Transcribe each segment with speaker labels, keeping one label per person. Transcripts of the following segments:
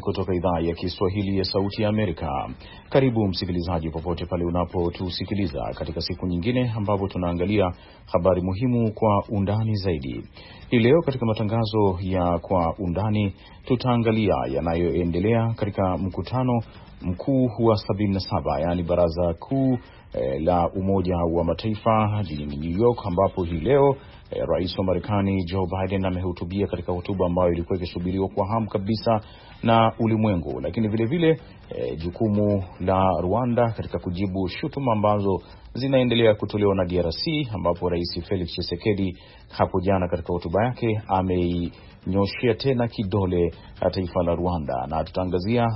Speaker 1: kutoka idhaa ya Kiswahili ya Sauti ya Amerika. Karibu msikilizaji, popote pale unapotusikiliza katika siku nyingine ambapo tunaangalia habari muhimu kwa undani zaidi. Hii leo katika matangazo ya kwa undani tutaangalia yanayoendelea katika mkutano mkuu wa 77 yaani baraza kuu eh, la Umoja wa Mataifa jijini New York ambapo hii leo Eh, Rais wa Marekani Joe Biden amehutubia katika hotuba ambayo ilikuwa ikisubiriwa kwa hamu kabisa na ulimwengu, lakini vilevile e, eh, jukumu la Rwanda katika kujibu shutuma ambazo zinaendelea kutolewa na DRC, ambapo Rais Felix Tshisekedi hapo jana katika hotuba yake ameinyoshea tena kidole eh, taifa la Rwanda, na tutaangazia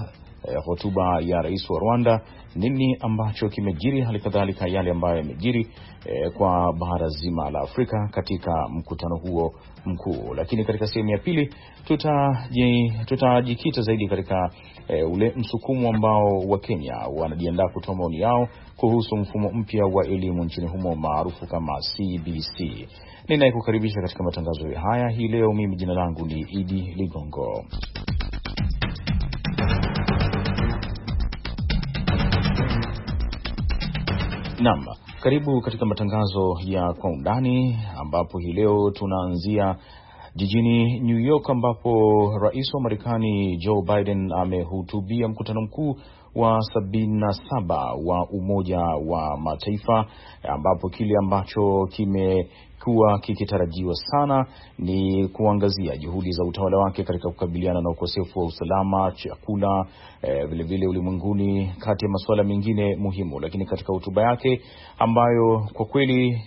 Speaker 1: Eh, hotuba ya rais wa Rwanda, nini ambacho kimejiri, hali kadhalika yale ambayo yamejiri e, kwa bara zima la Afrika katika mkutano huo mkuu. Lakini katika sehemu ya pili tutajikita tuta zaidi katika e, ule msukumo ambao wa kenya wanajiandaa kutoa maoni yao kuhusu mfumo mpya wa elimu nchini humo maarufu kama CBC. Ninayekukaribisha katika matangazo haya hii leo, mimi jina langu ni Idi Ligongo. Naam, karibu katika matangazo ya kwa undani, ambapo hii leo tunaanzia jijini New York ambapo rais wa Marekani Joe Biden amehutubia mkutano mkuu wa 77 wa Umoja wa Mataifa ambapo kile ambacho kime kuwa kikitarajiwa sana ni kuangazia juhudi za utawala wake katika kukabiliana na ukosefu wa usalama, chakula, vilevile eh, ulimwenguni, kati ya masuala mengine muhimu. Lakini katika hotuba yake ambayo kwa kweli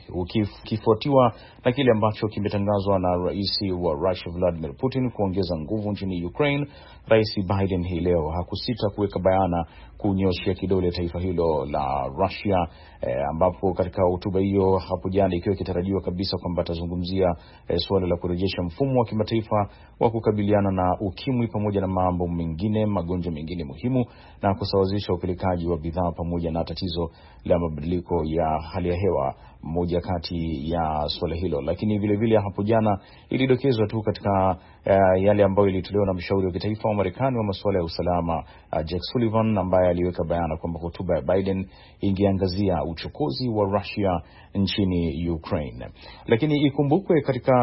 Speaker 1: ukifuatiwa na kile ambacho kimetangazwa na rais wa Russia Vladimir Putin kuongeza nguvu nchini Ukraine Rais Biden hii leo hakusita kuweka bayana kunyoshia kidole taifa hilo la Russia e, ambapo katika hotuba hiyo hapo jana ikiwa ikitarajiwa kabisa kwamba atazungumzia e, suala la kurejesha mfumo wa kimataifa wa kukabiliana na ukimwi pamoja na mambo mengine magonjwa mengine muhimu na kusawazisha upelekaji wa bidhaa pamoja na tatizo la mabadiliko ya hali ya hewa, moja kati ya suala hilo. Lakini vilevile hapo jana ilidokezwa tu katika uh, yale ambayo ilitolewa na mshauri wa kitaifa wa Marekani wa masuala ya usalama uh, eh, Jack Sullivan ambaye aliweka bayana kwamba hotuba ya Biden ingeangazia uchokozi wa Russia nchini Ukraine. Lakini ikumbukwe katika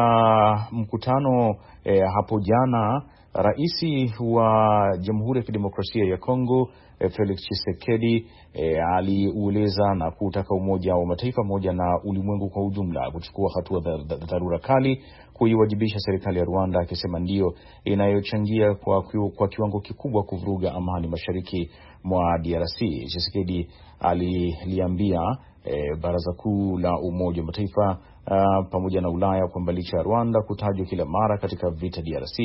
Speaker 1: mkutano eh, hapo jana Rais wa Jamhuri ya Kidemokrasia ya Kongo eh, Felix Tshisekedi e, aliueleza na kutaka Umoja wa Mataifa pamoja na ulimwengu kwa ujumla kuchukua hatua dharura kali kuiwajibisha serikali ya Rwanda, akisema ndiyo inayochangia kwa, kwa kiwango kikubwa kuvuruga amani mashariki mwa DRC. Tshisekedi aliliambia e, Baraza Kuu la Umoja wa Mataifa uh, pamoja na Ulaya kwamba licha ya Rwanda kutajwa kila mara katika vita, DRC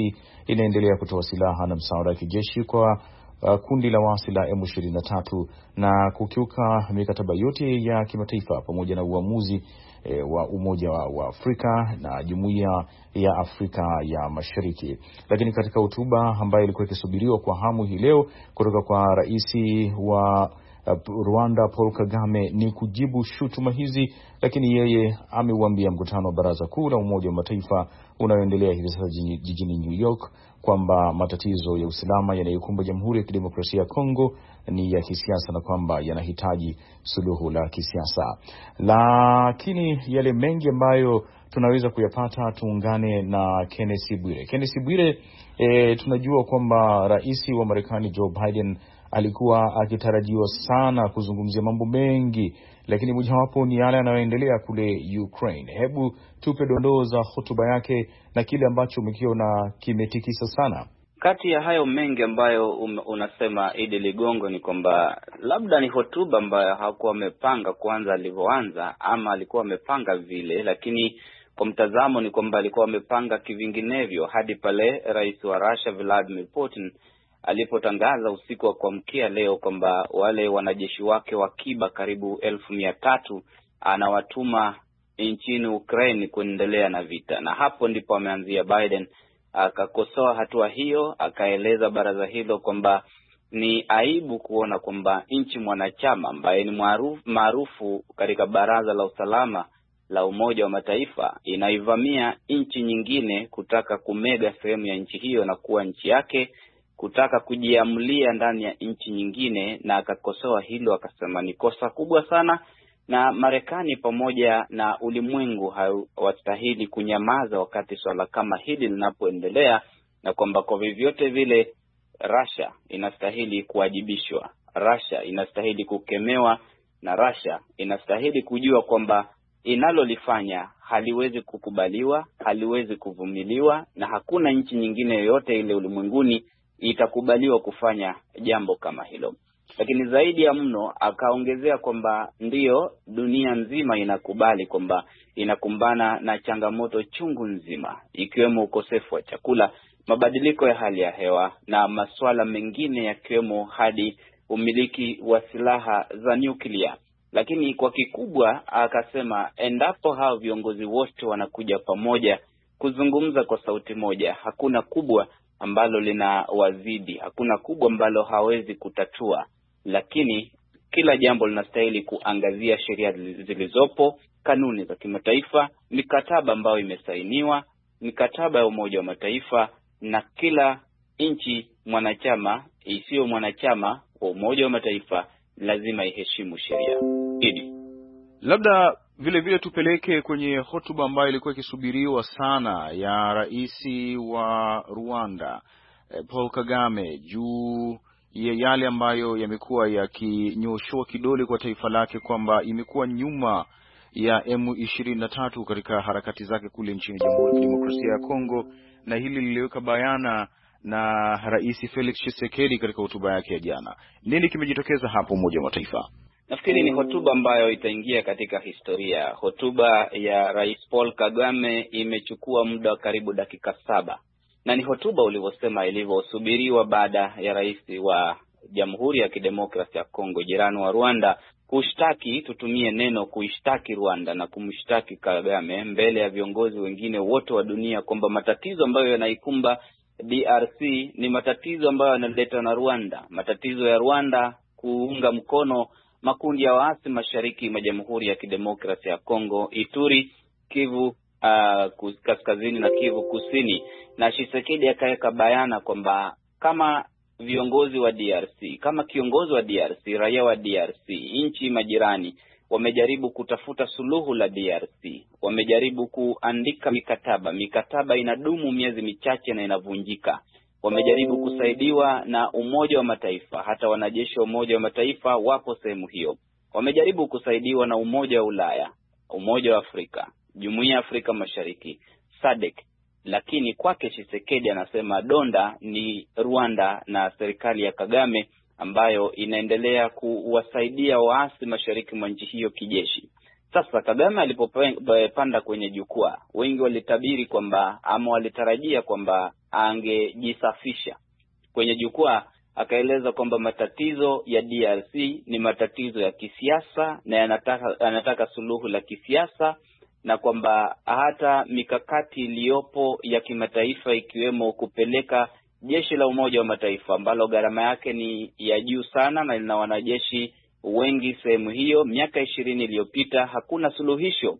Speaker 1: inaendelea kutoa silaha na msaada wa kijeshi kwa uh, kundi la waasi la M23 na kukiuka mikataba yote ya kimataifa pamoja na uamuzi eh, wa Umoja wa, wa Afrika na Jumuiya ya Afrika ya Mashariki. Lakini katika hotuba ambayo ilikuwa ikisubiriwa kwa hamu hii leo kutoka kwa rais wa Uh, Rwanda Paul Kagame ni kujibu shutuma hizi, lakini yeye ameuambia mkutano wa Baraza Kuu la Umoja wa Mataifa unayoendelea hivi sasa jijini New York kwamba matatizo ya usalama yanayokumba Jamhuri ya Kidemokrasia ya Kongo ni ya kisiasa na kwamba yanahitaji suluhu la kisiasa. Lakini yale mengi ambayo tunaweza kuyapata, tuungane na Kennesi Bwire. Kennesi Bwire, e, tunajua kwamba rais wa Marekani Joe Biden alikuwa akitarajiwa sana kuzungumzia mambo mengi, lakini mojawapo ni yale yanayoendelea kule Ukraine. Hebu tupe dondoo za hotuba yake na kile ambacho umekiona kimetikisa sana.
Speaker 2: Kati ya hayo mengi ambayo um, unasema Idi Ligongo, ni kwamba labda ni hotuba ambayo hakuwa amepanga kuanza alivyoanza, ama alikuwa amepanga vile, lakini kwa mtazamo ni kwamba alikuwa amepanga kivinginevyo hadi pale rais wa Russia Vladimir Putin alipotangaza usiku wa kuamkia leo kwamba wale wanajeshi wake wa kiba karibu elfu mia tatu anawatuma nchini Ukraine kuendelea na vita, na hapo ndipo ameanzia Biden. Akakosoa hatua hiyo, akaeleza baraza hilo kwamba ni aibu kuona kwamba nchi mwanachama ambaye ni maarufu katika baraza la usalama la Umoja wa Mataifa inaivamia nchi nyingine kutaka kumega sehemu ya nchi hiyo na kuwa nchi yake kutaka kujiamlia ndani ya nchi nyingine, na akakosoa hilo, akasema ni kosa kubwa sana, na Marekani pamoja na ulimwengu hawastahili kunyamaza wakati swala kama hili linapoendelea, na kwamba kwa vyovyote vile Russia inastahili kuwajibishwa, Russia inastahili kukemewa, na Russia inastahili kujua kwamba inalolifanya haliwezi kukubaliwa, haliwezi kuvumiliwa, na hakuna nchi nyingine yoyote ile ulimwenguni itakubaliwa kufanya jambo kama hilo. Lakini zaidi ya mno akaongezea kwamba ndiyo, dunia nzima inakubali kwamba inakumbana na changamoto chungu nzima, ikiwemo ukosefu wa chakula, mabadiliko ya hali ya hewa na masuala mengine yakiwemo hadi umiliki wa silaha za nyuklia. Lakini kwa kikubwa akasema, endapo hao viongozi wote wanakuja pamoja kuzungumza kwa sauti moja, hakuna kubwa ambalo lina wazidi. Hakuna kubwa ambalo hawezi kutatua, lakini kila jambo linastahili kuangazia sheria zilizopo, kanuni za kimataifa, mikataba ambayo imesainiwa, mikataba ya Umoja wa Mataifa na kila nchi mwanachama isiyo mwanachama wa Umoja wa Mataifa lazima iheshimu sheria. labda vile vile
Speaker 1: tupeleke kwenye hotuba ambayo ilikuwa ikisubiriwa sana ya rais wa Rwanda eh, Paul Kagame juu ya yale ambayo yamekuwa yakinyoshoa kidole kwa taifa lake kwamba imekuwa nyuma ya M23 katika harakati zake kule nchini Jamhuri ya Kidemokrasia ya Kongo, na hili liliweka bayana na Rais Felix Tshisekedi katika hotuba yake ya jana. Nini kimejitokeza hapo Umoja wa Mataifa?
Speaker 2: Nafikiri ni mm. hotuba ambayo itaingia katika historia. Hotuba ya Rais Paul Kagame imechukua muda wa karibu dakika saba na ni hotuba ulivyosema ilivyosubiriwa baada ya rais wa Jamhuri ya Kidemokrasi ya Kongo, jirani wa Rwanda, kushtaki, tutumie neno kuishtaki Rwanda na kumshtaki Kagame mbele ya viongozi wengine wote wa dunia kwamba matatizo ambayo yanaikumba DRC ni matatizo ambayo yanaletwa na Rwanda, matatizo ya Rwanda kuunga mkono makundi ya waasi mashariki mwa Jamhuri ya Kidemokrasia ya Kongo, Ituri, Kivu uh, kaskazini na Kivu kusini, na Tshisekedi akaweka bayana kwamba kama viongozi wa DRC kama kiongozi wa DRC, raia wa DRC, nchi majirani wamejaribu kutafuta suluhu la DRC, wamejaribu kuandika mikataba. Mikataba inadumu miezi michache na inavunjika
Speaker 3: wamejaribu kusaidiwa
Speaker 2: na Umoja wa Mataifa. Hata wanajeshi wa Umoja wa Mataifa wapo sehemu hiyo, wamejaribu kusaidiwa na Umoja wa Ulaya, Umoja wa Afrika, Jumuiya ya Afrika Mashariki, SADC. Lakini kwake Tshisekedi anasema donda ni Rwanda na serikali ya Kagame ambayo inaendelea kuwasaidia waasi mashariki mwa nchi hiyo kijeshi. Sasa Kagame alipopanda kwenye jukwaa, wengi walitabiri kwamba ama walitarajia kwamba angejisafisha kwenye jukwaa. Akaeleza kwamba matatizo ya DRC ni matatizo ya kisiasa na yanataka, yanataka suluhu la kisiasa na kwamba hata mikakati iliyopo ya kimataifa ikiwemo kupeleka jeshi la Umoja wa Mataifa ambalo gharama yake ni ya juu sana na lina wanajeshi wengi sehemu hiyo miaka ishirini iliyopita hakuna suluhisho,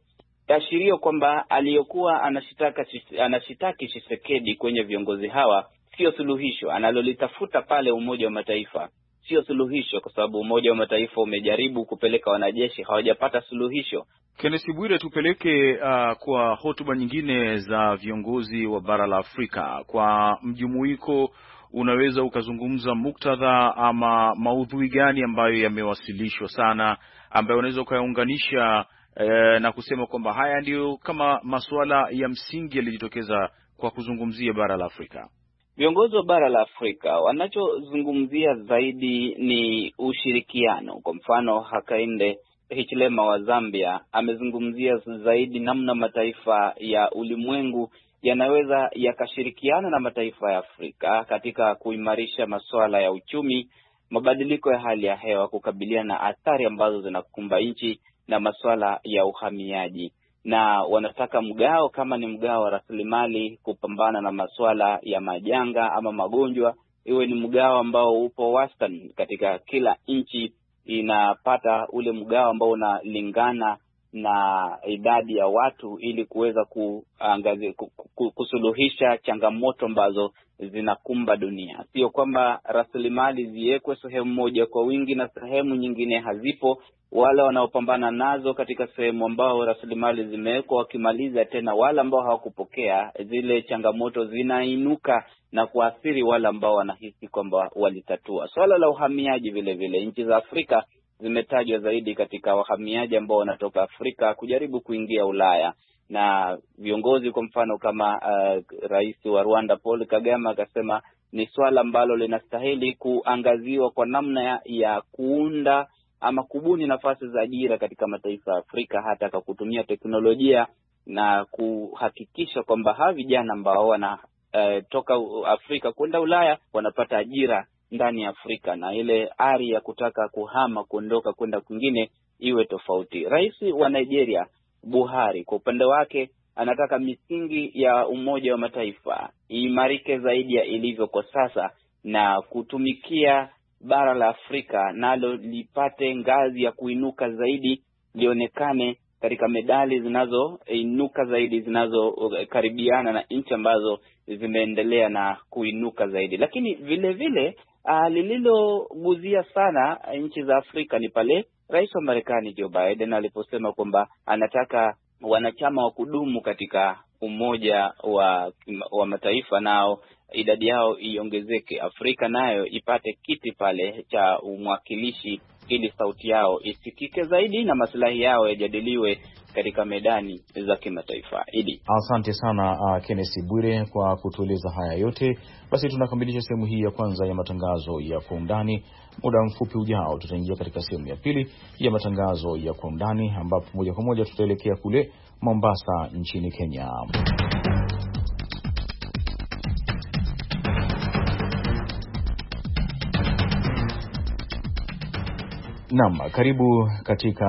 Speaker 2: ashirio kwamba aliyokuwa anashitaka anashitaki Chisekedi kwenye viongozi hawa sio suluhisho analolitafuta pale Umoja wa Mataifa sio suluhisho, kwa sababu Umoja wa Mataifa umejaribu kupeleka wanajeshi hawajapata suluhisho.
Speaker 1: Kennesi Bwire, tupeleke uh, kwa hotuba nyingine za viongozi wa bara la Afrika kwa mjumuiko unaweza ukazungumza muktadha ama maudhui gani ambayo yamewasilishwa sana ambayo unaweza ukayaunganisha e, na kusema kwamba haya ndiyo kama masuala ya msingi yalijitokeza kwa kuzungumzia bara la Afrika?
Speaker 2: Viongozi wa bara la Afrika wanachozungumzia zaidi ni ushirikiano. Kwa mfano, Hakainde Hichilema wa Zambia amezungumzia zaidi namna mataifa ya ulimwengu yanaweza yakashirikiana na mataifa ya Afrika katika kuimarisha masuala ya uchumi, mabadiliko ya hali ya hewa, kukabiliana na athari ambazo zinakumba nchi na masuala ya uhamiaji, na wanataka mgao, kama ni mgao wa rasilimali kupambana na masuala ya majanga ama magonjwa, iwe ni mgao ambao upo wastani katika kila nchi inapata ule mgao ambao unalingana na idadi ya watu ili kuweza kusuluhisha changamoto ambazo zinakumba dunia. Sio kwamba rasilimali ziwekwe sehemu moja kwa wingi na sehemu nyingine hazipo. Wale wanaopambana nazo katika sehemu ambao rasilimali zimewekwa wakimaliza tena, wale ambao hawakupokea zile changamoto zinainuka na kuathiri wale ambao wanahisi kwamba walitatua swala la uhamiaji. Vilevile nchi za Afrika zimetajwa zaidi katika wahamiaji ambao wanatoka Afrika kujaribu kuingia Ulaya na viongozi kwa mfano kama uh, rais wa Rwanda Paul Kagame akasema ni swala ambalo linastahili kuangaziwa kwa namna ya, ya kuunda ama kubuni nafasi za ajira katika mataifa ya Afrika hata kwa kutumia teknolojia na kuhakikisha kwamba hawa vijana ambao wanatoka uh, Afrika kwenda Ulaya wanapata ajira ndani ya Afrika na ile ari ya kutaka kuhama kuondoka kwenda kwingine iwe tofauti. Rais wa Nigeria Buhari kwa upande wake anataka misingi ya Umoja wa Mataifa iimarike zaidi ya ilivyo kwa sasa na kutumikia bara la Afrika nalo lipate ngazi ya kuinuka zaidi, lionekane katika medali zinazoinuka zaidi, zinazokaribiana na nchi ambazo zimeendelea na kuinuka zaidi, lakini vile vile Uh, lililoguzia sana eh, nchi za Afrika ni pale rais wa Marekani Joe Biden aliposema kwamba anataka wanachama wa kudumu katika Umoja wa, wa Mataifa nao idadi yao iongezeke, Afrika nayo ipate kiti pale cha umwakilishi ili sauti yao isikike zaidi na masilahi yao yajadiliwe katika medani za kimataifa. Idi,
Speaker 1: asante sana uh, Kennesi Bwire kwa kutueleza haya yote. Basi tunakamilisha sehemu hii ya kwanza ya matangazo ya kwa undani. Muda mfupi ujao, tutaingia katika sehemu ya pili ya matangazo ya kwa undani, ambapo moja kwa moja tutaelekea kule Mombasa nchini Kenya. Naam, karibu katika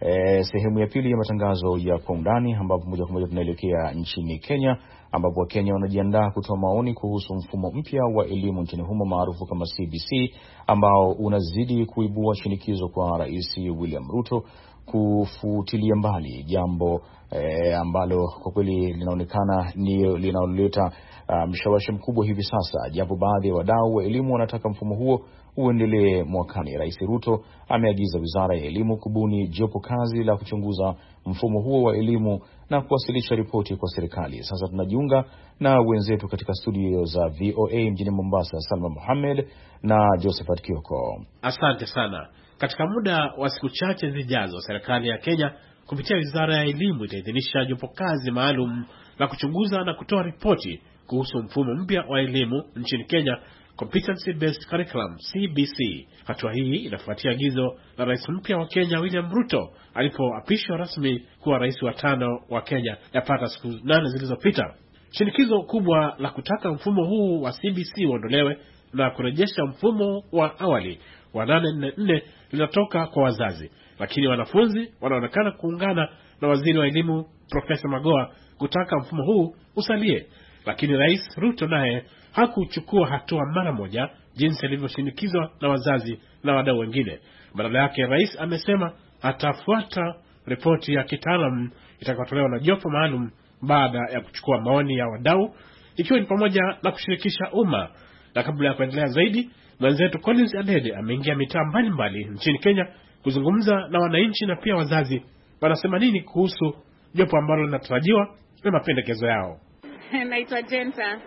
Speaker 1: e, sehemu ya pili ya matangazo ya kwa undani, ambapo moja kwa moja tunaelekea nchini Kenya, ambapo Wakenya wanajiandaa kutoa maoni kuhusu mfumo mpya wa elimu nchini humo maarufu kama CBC, ambao unazidi kuibua shinikizo kwa Rais William Ruto kufutilia mbali jambo eh, ambalo kwa kweli linaonekana ndio linaloleta ah, mshawasha mkubwa hivi sasa, japo baadhi ya wadau wa elimu wanataka mfumo huo uendelee mwakani. Rais Ruto ameagiza wizara ya elimu kubuni jopo kazi la kuchunguza mfumo huo wa elimu na kuwasilisha ripoti kwa serikali. Sasa tunajiunga na wenzetu katika studio za VOA mjini Mombasa, Salma Mohamed na Josephat Kioko.
Speaker 4: Asante sana. Katika muda wa siku chache zijazo, serikali ya Kenya kupitia wizara ya elimu itaidhinisha jopo kazi maalum la kuchunguza na kutoa ripoti kuhusu mfumo mpya wa elimu nchini Kenya, Competency Based Curriculum CBC. Hatua hii inafuatia agizo la rais mpya wa Kenya William Ruto alipoapishwa rasmi kuwa rais wa tano wa Kenya yapata siku nane zilizopita. Shinikizo kubwa la kutaka mfumo huu wa CBC uondolewe na kurejesha mfumo wa awali wa 844 linatoka kwa wazazi, lakini wanafunzi wanaonekana kuungana na waziri wa elimu Profesa Magoa kutaka mfumo huu usalie, lakini Rais Ruto naye hakuchukua hatua mara moja jinsi alivyoshinikizwa na wazazi na wadau wengine. Badala yake, rais amesema atafuata ripoti ya kitaalam itakayotolewa na jopo maalum baada ya kuchukua maoni ya wadau, ikiwa ni pamoja na kushirikisha umma na kabla ya kuendelea zaidi, mwenzetu Collins Adede ameingia mitaa mbalimbali nchini Kenya kuzungumza na wananchi na pia wazazi wanasema nini kuhusu jopo ambalo linatarajiwa na mapendekezo yao.
Speaker 5: Naitwa Jenta.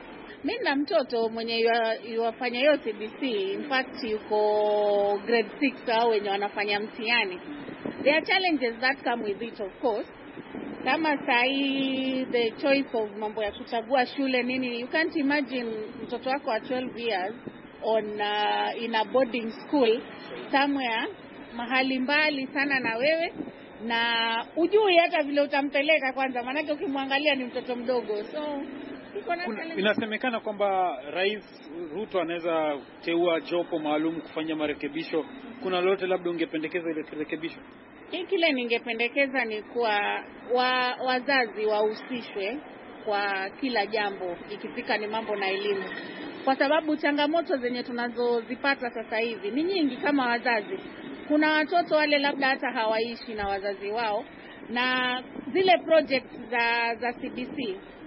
Speaker 5: Mi na mtoto mwenye yuwafanya hiyo CBC, in fact yuko grade 6 au wenye wanafanya mtihani. There are challenges that come with it of course kama saa hii the choice of mambo ya kuchagua shule nini, you can't imagine mtoto wako wa 12 years on uh, in a boarding school somewhere mahali mbali sana na wewe na ujui hata vile utampeleka kwanza, maanake ukimwangalia ni mtoto mdogo so
Speaker 4: inasemekana kwamba Rais Ruto anaweza teua jopo maalum kufanya marekebisho. Kuna lolote labda ungependekeza ile rekebisho?
Speaker 5: hii kile ningependekeza ni kuwa wa, wazazi wahusishwe kwa kila jambo ikifika ni mambo na elimu, kwa sababu changamoto zenye tunazozipata sasa hivi ni nyingi kama wazazi. Kuna watoto wale labda hata hawaishi na wazazi wao, na zile projects za, za CBC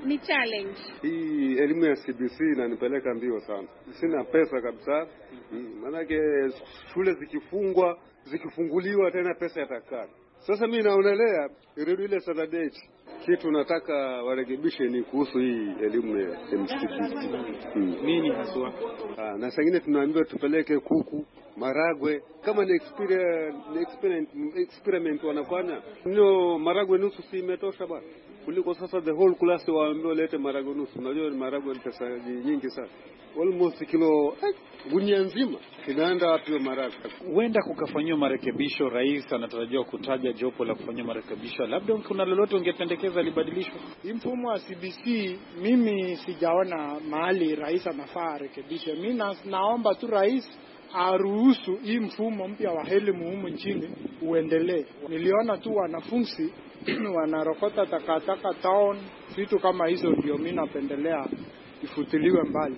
Speaker 5: ni challenge.
Speaker 3: Hii elimu ya CBC
Speaker 4: inanipeleka mbio sana, sina pesa kabisa, mm, maanake shule zikifungwa zikifunguliwa tena pesa yatakaa. Sasa mi naonelea irudi ile satellite kitu nataka warekebishe ni kuhusu hii elimu ya MCBC
Speaker 3: hmm. nini haswa.
Speaker 4: Ah, na sengine tunaambiwa tupeleke kuku,
Speaker 3: maragwe kama ni
Speaker 4: experiment, experiment wanafanya nio maragwe nusu si imetosha bwana kuliko sasa the whole class waambie walete marago nusu. Unajua marago ni pesa nyingi sana, almost kilo eh, gunia nzima kinaenda wapi marago? Huenda kukafanyiwa marekebisho. Rais anatarajiwa kutaja jopo la kufanyia marekebisho, labda kuna lolote ungependekeza libadilishwe hii mfumo wa CBC. Mimi sijaona mahali rais anafaa arekebishe. Mi naomba tu rais aruhusu hii mfumo mpya wa elimu humu nchini uendelee. Niliona tu wanafunzi wanarokota takataka town, vitu kama hizo ndio mimi napendelea ifutiliwe mbali,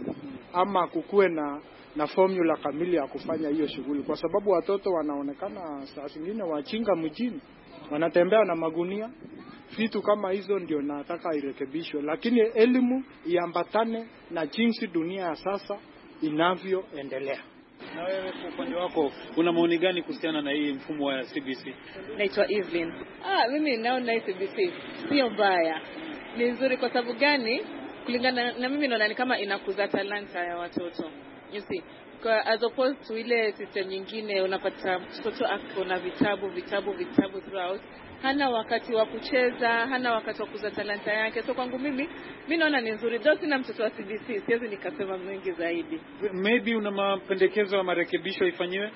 Speaker 4: ama kukuwe na na formula kamili ya kufanya hiyo shughuli, kwa sababu watoto wanaonekana saa zingine wachinga mjini, wanatembea na magunia. Vitu kama hizo ndio nataka irekebishwe, lakini elimu iambatane na jinsi dunia ya sasa inavyoendelea. Na wewe kwa upande wako una maoni gani kuhusiana na hii mfumo wa CBC? Naitwa Evelyn.
Speaker 5: Ah, mimi naona hii CBC sio mbaya, ni nzuri. Kwa sababu gani? Kulingana na mimi naona ni kama inakuza talanta ya watoto you see kwa as opposed to ile system nyingine, unapata mtoto ako na vitabu vitabu vitabu throughout hana wakati wa kucheza, hana wakati wa kuza talanta yake. So kwangu mimi, mi naona ni nzuri, though sina mtoto wa CBC, siwezi nikasema mwingi zaidi.
Speaker 6: Maybe una mapendekezo ya marekebisho ifanyiwe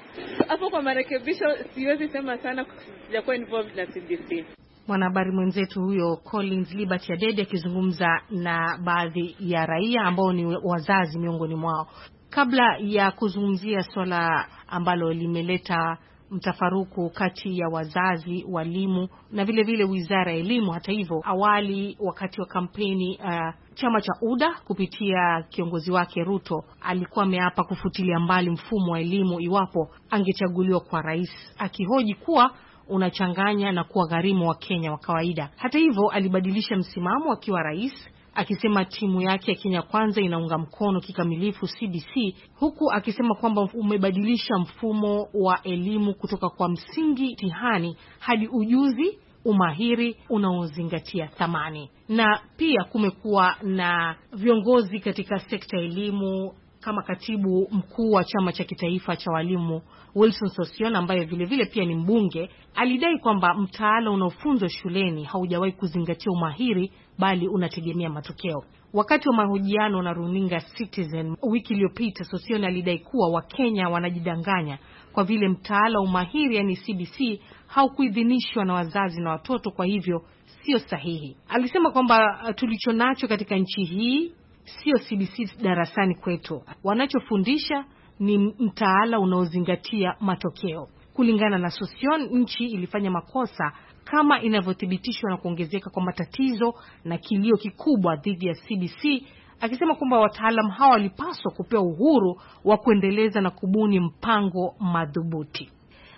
Speaker 5: hapo? Kwa marekebisho
Speaker 6: siwezi sema sana, sijakuwa involved na CBC.
Speaker 5: Mwanahabari mwenzetu huyo Collins Liberty Adede akizungumza na baadhi ya raia ambao ni wazazi miongoni mwao, kabla ya kuzungumzia swala ambalo limeleta mtafaruku kati ya wazazi, walimu na vile vile wizara ya elimu. Hata hivyo, awali wakati wa kampeni uh, chama cha UDA kupitia kiongozi wake Ruto alikuwa ameapa kufutilia mbali mfumo wa elimu iwapo angechaguliwa kwa rais, akihoji kuwa unachanganya na kuwa wa Wakenya wa kawaida. Hata hivyo, alibadilisha msimamo akiwa rais akisema timu yake ya Kenya Kwanza inaunga mkono kikamilifu CBC, huku akisema kwamba umebadilisha mfumo wa elimu kutoka kwa msingi tihani hadi ujuzi umahiri unaozingatia thamani, na pia kumekuwa na viongozi katika sekta ya elimu kama katibu mkuu wa chama cha kitaifa cha walimu Wilson Sosion, ambaye vile vile pia ni mbunge, alidai kwamba mtaala unaofunzwa shuleni haujawahi kuzingatia umahiri bali unategemea matokeo. Wakati wa mahojiano na runinga Citizen wiki iliyopita, Sosione alidai kuwa Wakenya wanajidanganya kwa vile mtaala umahiri, yani CBC, haukuidhinishwa na wazazi na watoto, kwa hivyo sio sahihi. Alisema kwamba uh, tulichonacho katika nchi hii sio CBC darasani kwetu, wanachofundisha ni mtaala unaozingatia matokeo. Kulingana na Sosion, nchi ilifanya makosa kama inavyothibitishwa na kuongezeka kwa matatizo na kilio kikubwa dhidi ya CBC, akisema kwamba wataalam hawa walipaswa kupewa uhuru wa kuendeleza na kubuni mpango madhubuti.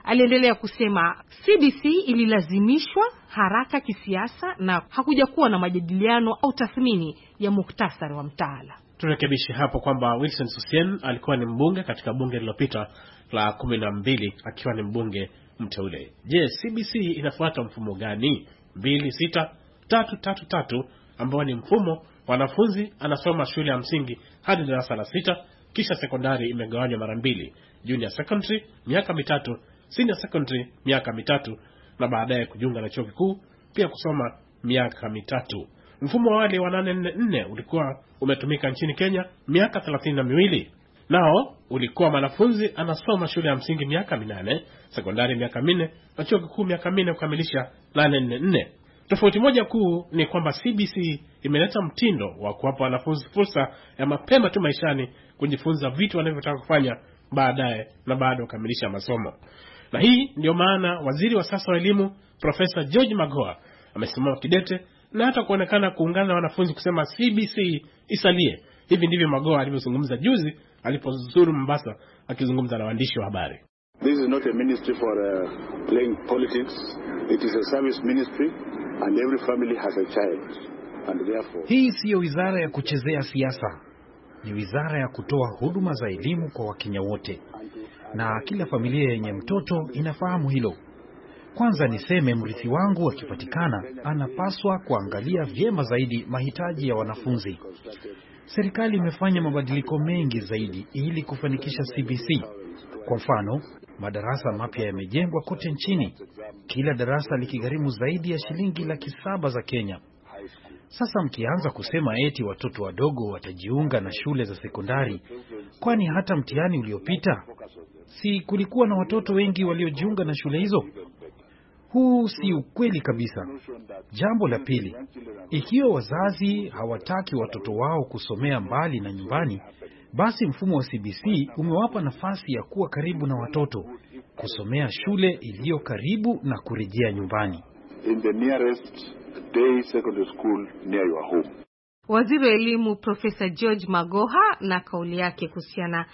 Speaker 5: Aliendelea kusema CBC ililazimishwa haraka kisiasa na hakujakuwa na majadiliano au tathmini ya muktasari wa mtaala.
Speaker 4: Turekebishe hapo kwamba Wilson Susien alikuwa ni mbunge katika bunge lililopita la kumi na mbili, akiwa ni mbunge mteule. Je, CBC inafuata mfumo gani? mbili sita tatu tatu tatu, ambao ni mfumo wanafunzi anasoma shule ya msingi hadi darasa la sita, kisha sekondari imegawanywa mara mbili: junior secondary miaka mitatu, senior secondary miaka mitatu, na baadaye kujiunga na chuo kikuu pia kusoma miaka mitatu. Mfumo wa awali wa nane nne nne ulikuwa umetumika nchini Kenya miaka thelathini na miwili. Nao ulikuwa mwanafunzi anasoma shule ya msingi miaka minane, sekondari miaka minne na chuo kikuu miaka minne kukamilisha nane nne nne. Tofauti moja kuu ni kwamba CBC imeleta mtindo wa kuwapa wanafunzi fursa ya mapema tu maishani kujifunza vitu wanavyotaka kufanya baadaye na baada ya kukamilisha masomo. Na hii ndiyo maana waziri wa sasa wa elimu Profesa George magoa amesimama kidete na hata kuonekana kuungana na wanafunzi kusema CBC isalie Hivi ndivyo magoa alivyozungumza juzi alipozuru Mombasa akizungumza na waandishi wa habari. This is not a ministry for uh, playing politics. It is a service ministry and every family
Speaker 3: has a child. And therefore...
Speaker 4: Hii siyo wizara ya kuchezea siasa. Ni wizara ya kutoa huduma za elimu kwa Wakenya wote. Na kila familia yenye mtoto inafahamu hilo. Kwanza niseme mrithi wangu akipatikana, anapaswa kuangalia vyema zaidi mahitaji ya wanafunzi. Serikali imefanya mabadiliko mengi zaidi ili kufanikisha CBC. Kwa mfano, madarasa mapya yamejengwa kote nchini, kila darasa likigharimu zaidi ya shilingi laki saba za Kenya. Sasa mkianza kusema eti watoto wadogo watajiunga na shule za sekondari, kwani hata mtihani uliopita si kulikuwa na watoto wengi waliojiunga na shule hizo? Huu si ukweli kabisa. Jambo la pili, ikiwa wazazi hawataki watoto wao kusomea mbali na nyumbani, basi mfumo wa CBC umewapa nafasi ya kuwa karibu na watoto, kusomea shule iliyo karibu na kurejea nyumbani.
Speaker 5: Waziri wa Elimu Profesa George Magoha na kauli yake kuhusiana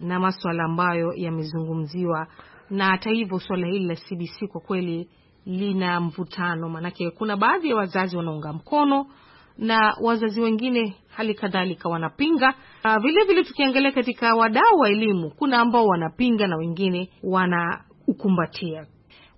Speaker 5: na masuala ambayo yamezungumziwa. Na hata hivyo, suala hili la CBC kwa kweli lina mvutano, maanake kuna baadhi ya wazazi wanaunga mkono na wazazi wengine hali kadhalika wanapinga. Vilevile ah, vile tukiangalia katika wadau wa elimu, kuna ambao wanapinga na wengine wanaukumbatia.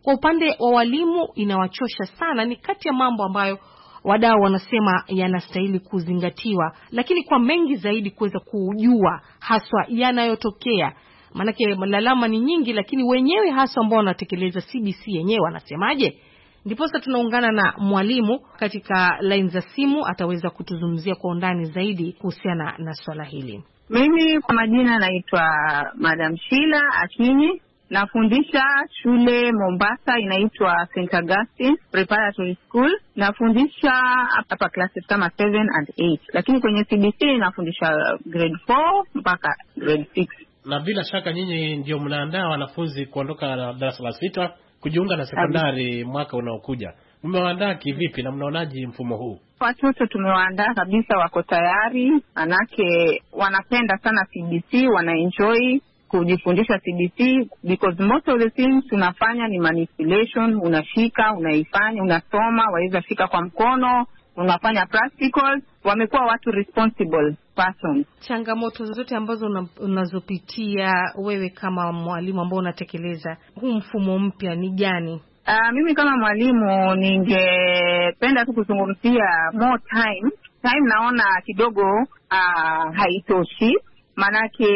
Speaker 5: Kwa upande wa walimu, inawachosha sana. Ni kati ya mambo ambayo wadau wanasema yanastahili kuzingatiwa, lakini kwa mengi zaidi kuweza kujua haswa yanayotokea Maanake lalama ni nyingi, lakini wenyewe hasa ambao wanatekeleza CBC yenyewe wanasemaje? Ndiposa tunaungana na mwalimu katika lain za simu, ataweza kutuzungumzia kwa undani zaidi kuhusiana na swala hili.
Speaker 6: Mimi kwa majina naitwa Madam Shila Akinyi, nafundisha shule Mombasa, inaitwa St Augustine Preparatory School. Nafundisha hapa classes kama 7 and 8, lakini kwenye CBC nafundisha grade 4 mpaka grade 6
Speaker 4: na bila shaka nyinyi ndio mnaandaa wanafunzi kuondoka darasa la sita kujiunga na sekondari mwaka unaokuja. Mmewaandaa kivipi na mnaonaje mfumo huu?
Speaker 6: Watoto tumewaandaa kabisa, wako tayari, manake wanapenda sana CBC, wanaenjoy kujifundisha CBC because most of the things tunafanya ni manipulation, unashika unaifanya, unasoma, waweza fika kwa mkono unafanya practical, wamekuwa watu responsible persons.
Speaker 5: Changamoto zote ambazo unazopitia wewe kama mwalimu ambao unatekeleza huu mfumo mpya ni gani? Uh,
Speaker 6: mimi kama mwalimu ningependa tu kuzungumzia more time time, naona kidogo uh, haitoshi maanake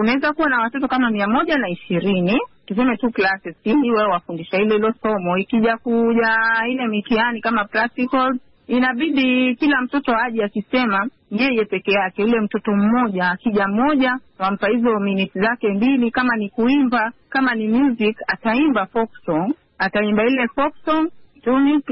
Speaker 6: unaweza kuwa na watoto kama mia moja na ishirini tuseme tu classes, ili wewe wafundisha ile hilo somo, ikija kuja ile mitihani kama practicals inabidi kila mtoto aje akisema yeye peke yake, yule mtoto mmoja akija mmoja, wampa hizo minutes zake mbili. Kama ni kuimba, kama ni music, ataimba folk song, ataimba ile folk song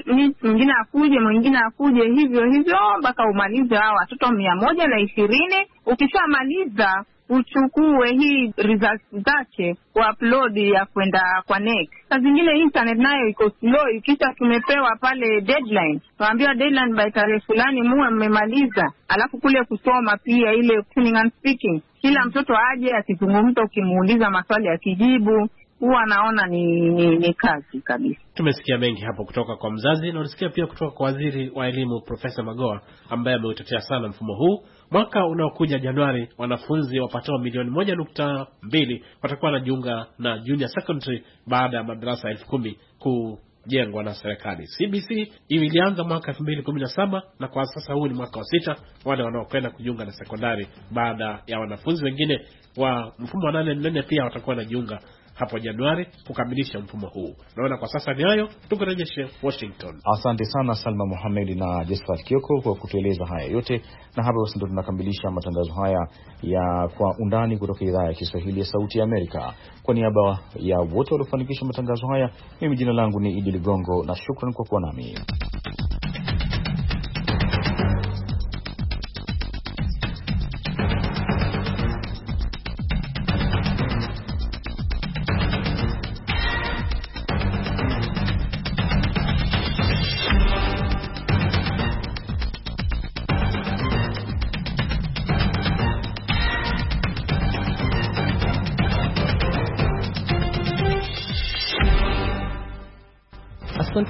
Speaker 6: mwingine akuje, mwingine akuje, hivyo hivyo mpaka umalize hawa watoto mia moja na ishirini. Ukishamaliza uchukue hii results zake uupload ya kwenda kwa NEC. Saa zingine internet nayo iko slow, kisha tumepewa pale deadline, tunaambiwa deadline by tarehe fulani muwe mmemaliza. Alafu kule kusoma pia ile listening and speaking, kila mtoto aje asizungumza, ukimuuliza maswali ya kijibu huwa naona ni, ni, ni kazi kabisa.
Speaker 4: Tumesikia mengi hapo kutoka kwa mzazi na ulisikia pia kutoka kwa waziri wa elimu Profesa Magoa ambaye ameutetea sana mfumo huu. Mwaka unaokuja Januari, wanafunzi wapatao milioni moja nukta mbili watakuwa wanajiunga na junior secondary baada ya madarasa elfu kumi ku jengwa na serikali. CBC ilianza mwaka elfu mbili kumi na saba na kwa sasa huu ni mwaka wa sita, wale wanaokwenda kujiunga na sekondari baada ya wanafunzi wengine wa mfumo wa nane nane pia watakuwa wanajiunga hapo Januari kukamilisha mfumo huu. Naona kwa sasa ni hayo, tukurejeshe Washington.
Speaker 1: Asante sana Salma Mohamed na Josephat Kioko kwa kutueleza haya yote, na hapa basi ndo tunakamilisha matangazo haya ya kwa undani kutoka idhaa ya Kiswahili ya Sauti ya Amerika. Kwa niaba ya wote waliofanikisha matangazo haya, mimi jina langu ni Idi Ligongo na shukran kwa kuwa nami.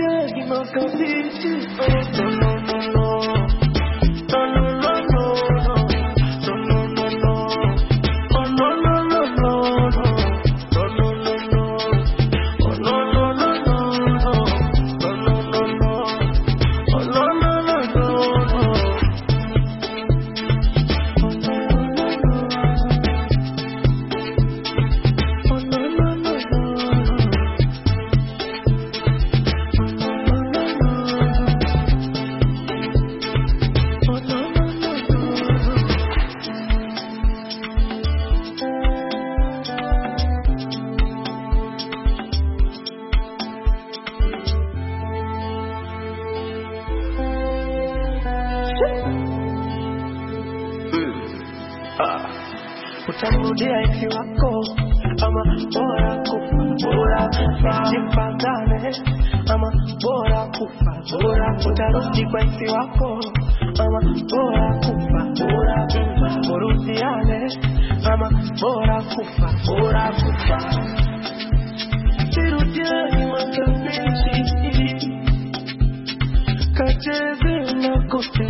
Speaker 3: Lágrimas que eu vi te utamudia eti wako ama bora kufa bora kufa jipangane ama bora kufa bora utarudi kwa eti wako ama bora kufa bora kufa urudiane ama bora kufa bora kufa jirudiani makambishi kacheze na kufa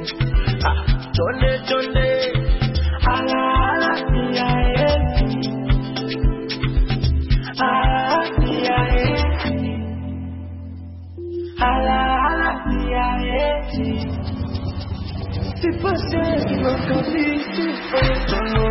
Speaker 3: Yo no